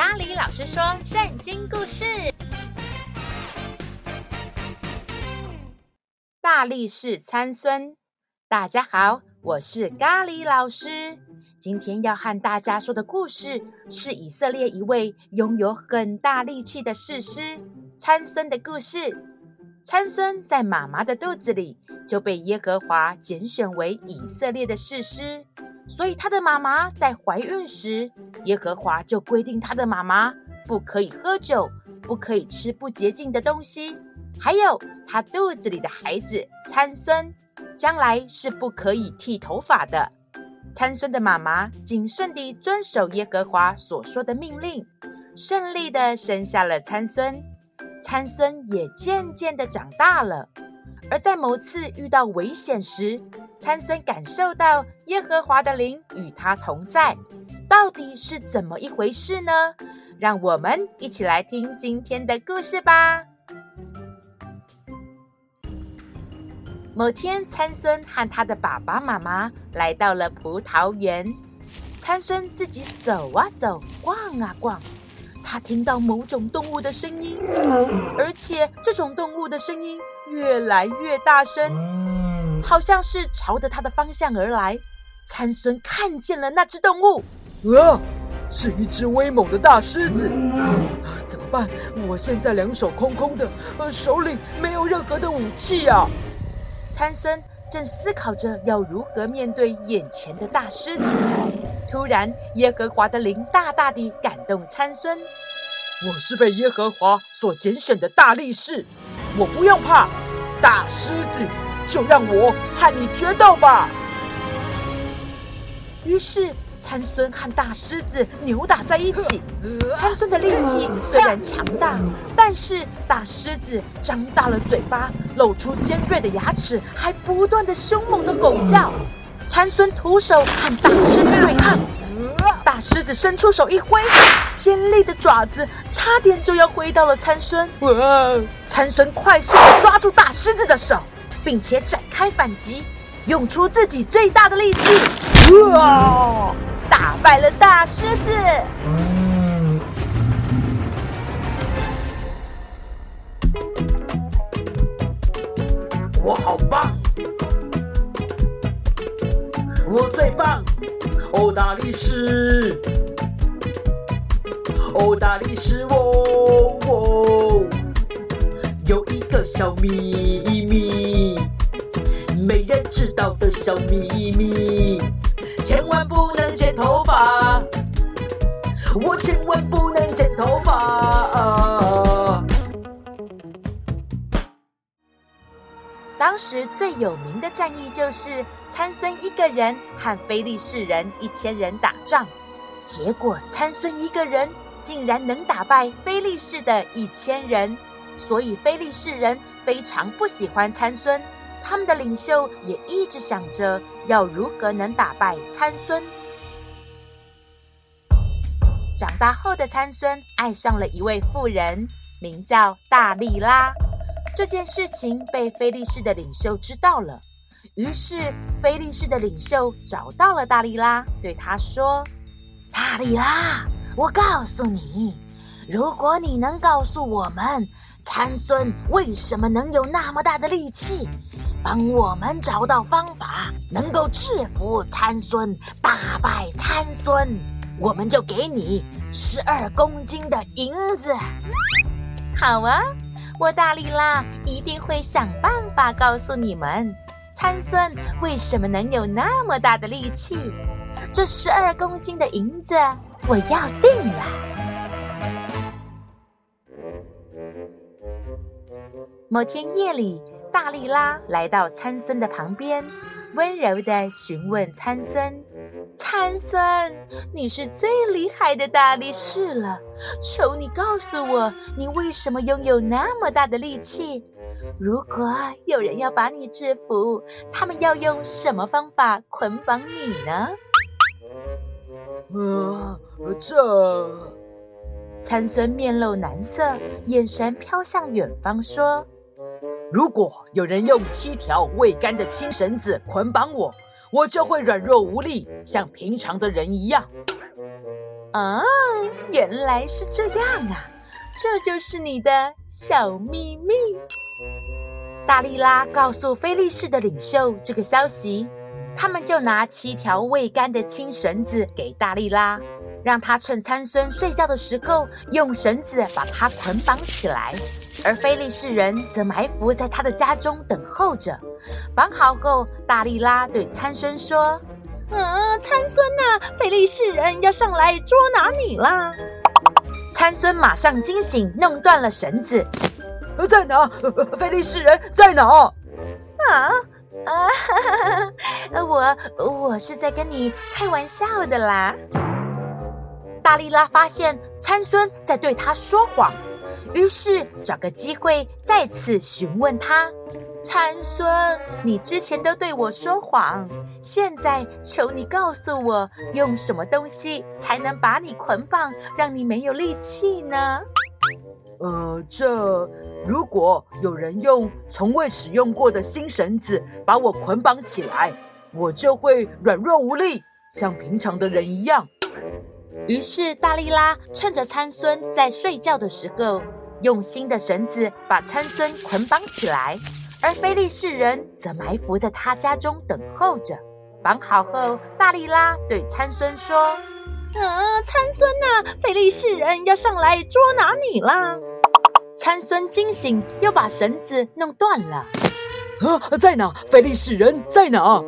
咖喱老師說聖經故事：大力士參孫。大家好，我是咖喱老師。今天要和大家說的故事是以色列一位擁有很大力氣的士師參孫的故事。參孫在媽媽的肚子裡就被耶和華揀選為以色列的士師，所以他的媽媽在懷孕時，耶和華就規定他的媽媽不可以喝酒，不可以吃不潔淨的東西，還有他肚子裡的孩子參孫，將來是不可以剃頭髮的。參孫的媽媽謹慎地遵守耶和華所說的命令，順利地生下了參孫。參孫也漸漸地長大了，而在某次遇到危險時，參孫感受到耶和華的靈與他同在。到底是怎麼一回事呢？讓我們一起來聽今天的故事吧。某天，參孫和他的爸爸媽媽來到了葡萄園。參孫自己走啊走，逛啊逛，他聽到某種動物的聲音，而且這種動物的聲音越來越大聲，好像是朝着他的方向而來。參孫看見了那隻動物。呃、啊，是一只威猛的大獅子、啊，怎麼辦？我現在兩手空空的，呃、啊，手裡沒有任何的武器啊。參孫正思考着要如何面對眼前的大獅子，突然耶和華的靈大大的感動參孫。我是被耶和華所揀選的大力士，我不用怕大獅子，就讓我和你決鬥吧。於是。參孫和大獅子扭打在一起，參孫的力氣雖然強大，但是大獅子張大了嘴巴，露出尖銳的牙齒，還不斷的兇猛的吼叫。參孫徒手和大獅子對抗，大獅子伸出手一揮，尖利的爪子差點就要揮到了參孫。哇！參孫快速地抓住大獅子的手，並且展開反擊，用出自己最大的力氣。哇！打敗了大獅子！我好棒！我最棒！哦，歐大力士！哦，大力士！哦哦，有一個小秘密，沒人知道的小秘密。千萬不能剪頭髮，我千萬不能剪頭髮。啊、當時最有名的戰役就是參孫一個人和非利士人一千人打仗，結果參孫一個人竟然能打敗非利士的一千人，所以非利士人非常不喜歡參孫。他們的領袖也一直想着要如何能打敗參孫。長大後的參孫愛上了一位婦人，名叫大利拉。這件事情被非利士的領袖知道了，於是非利士的領袖找到了大利拉，對她說：“大利拉，我告訴你。”如果你能告訴我們參孫為什麼能有那麼大的力氣，幫我們找到方法能夠制服參孫、打敗參孫，我們就給你十二公斤的銀子。好啊，我大利拉一定會想辦法告訴你們參孫為什麼能有那麼大的力氣。這十二公斤的銀子我要定了。某天夜裡，大利拉來到參孫的旁邊，溫柔地詢問參孫：“參孫，你是最厲害的大力士了，求你告訴我，你為什麼擁有那麼大的力氣？如果有人要把你制服，他們要用什麼方法捆綁你呢？”啊、呃，這……參孫面露難色，眼神飄向遠方，說。如果有人用七條未乾的青繩子捆綁我，我就會軟弱無力，像平常的人一樣。哦，原來是這樣啊，這就是你的小祕密。大利拉告訴非利士的領袖這個消息，他們就拿七條未乾的青繩子給大利拉。讓他趁參孫睡覺的時候，用繩子把他捆綁起來，而非利士人則埋伏在他的家中等候着。綁好後，大利拉對參孫說：“啊，參孫吶、啊，非利士人要上來捉拿你啦！”參孫馬上驚醒，弄斷了繩子。在哪？非利士人在哪啊？啊啊！我我是在跟你開玩笑的啦。大利拉發現參孫在對他說謊，於是找個機會再次詢問他：“參孫，你之前都對我說謊，現在求你告訴我，用什麼東西才能把你捆綁，讓你沒有力氣呢？”“呃，這如果有人用從未使用過的新繩子把我捆綁起來，我就會軟弱無力，像平常的人一樣。”於是，大利拉趁着參孫在睡覺的時候，用新的繩子把參孫捆綁起來，而非利士人則埋伏在他家中等候着。綁好後，大利拉對參孫說：“啊，參孫吶、啊，非利士人要上來捉拿你啦！」參孫驚醒，又把繩子弄斷了。啊，在哪？非利士人在哪？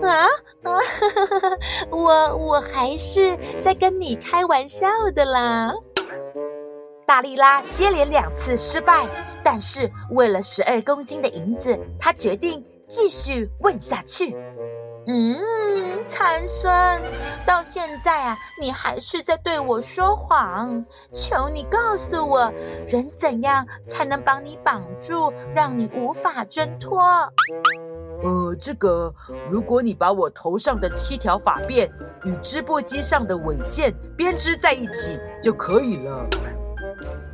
啊啊！呵呵呵，我我還是在跟你開玩笑的啦。大利拉接連兩次失敗，但是為了十二公斤的銀子，他決定繼續問下去。嗯，參孫，到現在啊，你還是在對我說謊！求你告訴我，人怎樣才能把你綁住，讓你無法掙脫？這個，如果你把我頭上的七條髮辮與織布機上的尾線編織在一起就可以了。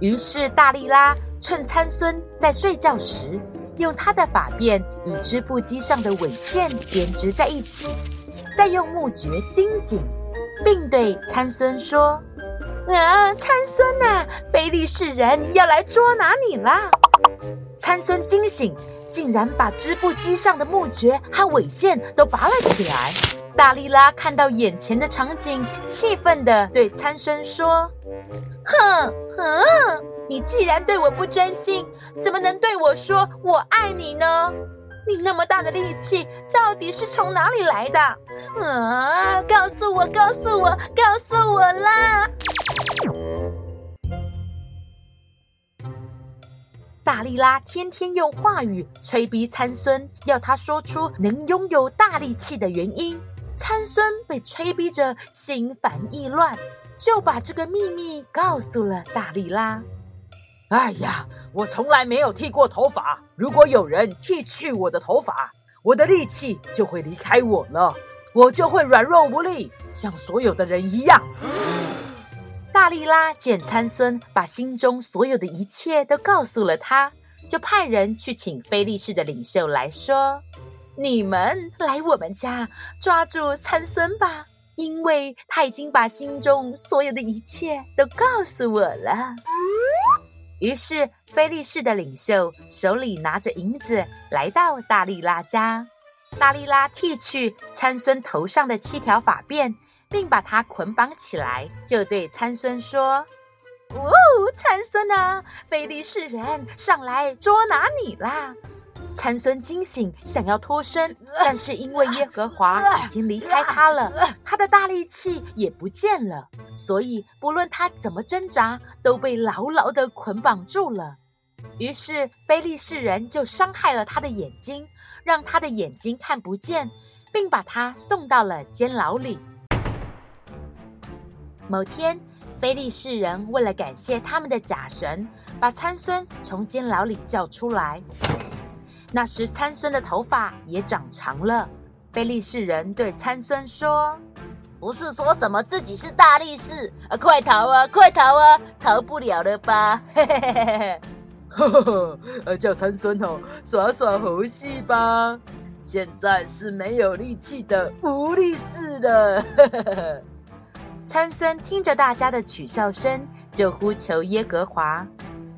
於是大利拉趁參孫在睡覺時，用他的髮辮與織布機上的尾線編織在一起，再用木橛釘緊，並對參孫說：“啊，參孫啊，非利士人要來捉拿你啦！”參孫驚醒。竟然把織布機上的木橛和尾線都拔了起來。大利拉看到眼前的場景，氣憤地對參孫說：“哼哼，你既然對我不真心，怎麼能對我說我愛你呢？你那麼大的力氣，到底是從哪裡來的？啊，告訴我，告訴我，告訴我啦！”大利拉天天用話語催逼參孫，要他說出能擁有大力氣的原因。參孫被催逼着心煩意亂，就把這個秘密告訴了大利拉。哎呀，我從來沒有剃過頭髮。如果有人剃去我的頭髮，我的力氣就會離開我了，我就會軟弱無力，像所有的人一樣。大利拉見參孫，把心中所有的一切都告訴了他，就派人去請非利士的領袖來說：“你們來我們家抓住參孫吧，因為他已經把心中所有的一切都告訴我了。”於是非利士的領袖手裡拿着銀子來到大利拉家，大利拉剃去參孫頭上的七條髮辮。並把他捆綁起來，就對參孫說：“哦，參孫啊，非利士人上來捉拿你啦！”參孫驚醒，想要脫身，但是因為耶和華已經離開他了，他的大力氣也不見了，所以不論他怎麼掙扎，都被牢牢地捆綁住了。於是非利士人就傷害了他的眼睛，讓他的眼睛看不見，並把他送到了監牢裡。某天，非利士人為了感謝他們的假神，把參孫從監牢裡叫出來。那時，參孫的頭髮也長長了。非利士人對參孫說：“不是說什麼自己是大力士，啊、快逃啊，快逃啊，逃不了了吧？ 呵呵呵呵呃，叫參孫吼、哦、耍耍猴戲吧。現在是沒有力氣的無力士了。 ”參孫聽着大家的取笑聲，就呼求耶和華：“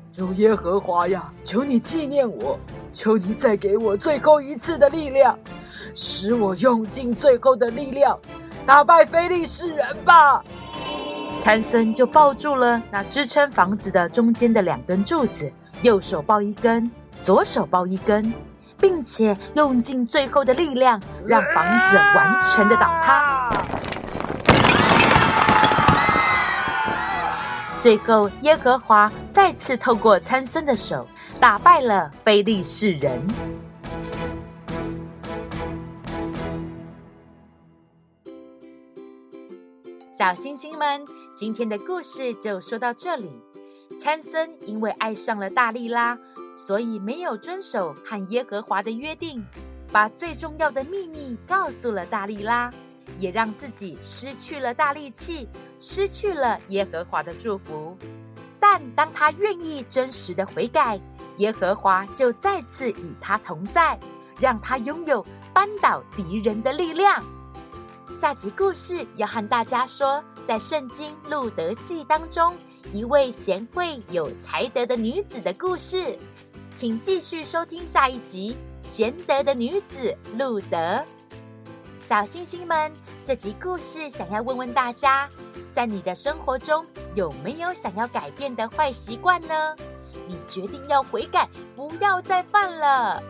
主耶和華呀，求你紀念我，求你再給我最後一次的力量，使我用盡最後的力量，打敗非利士人吧！”參孫就抱住了那支撐房子的中間的兩根柱子，右手抱一根，左手抱一根，並且用盡最後的力量，讓房子完全的倒塌。啊。最後，耶和華再次透過參孫的手打敗了非利士人。小星星們，今天的故事就說到這裡。參孫因為愛上了大利拉，所以沒有遵守和耶和華的約定，把最重要的祕密告訴了大利拉。也讓自己失去了大力氣，失去了耶和華的祝福。但當他願意真實的悔改，耶和華就再次與他同在，讓他擁有扳倒敵人的力量。下集故事要和大家說，在聖經路得記當中，一位賢惠有才德的女子的故事，請繼續收聽下一集《賢德的女子路得》。小星星們，這集故事想要問問大家，在你的生活中有沒有想要改變的壞習慣呢？你決定要悔改，不要再犯了。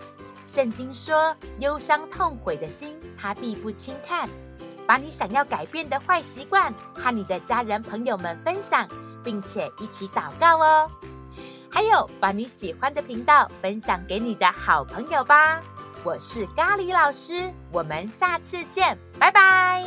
聖經說：“憂傷痛悔的心，他必不輕看。”把你想要改變的壞習慣和你的家人朋友們分享，並且一起禱告哦。還有，把你喜歡的頻道分享給你的好朋友吧。我是咖喱老師，我們下次見，拜拜。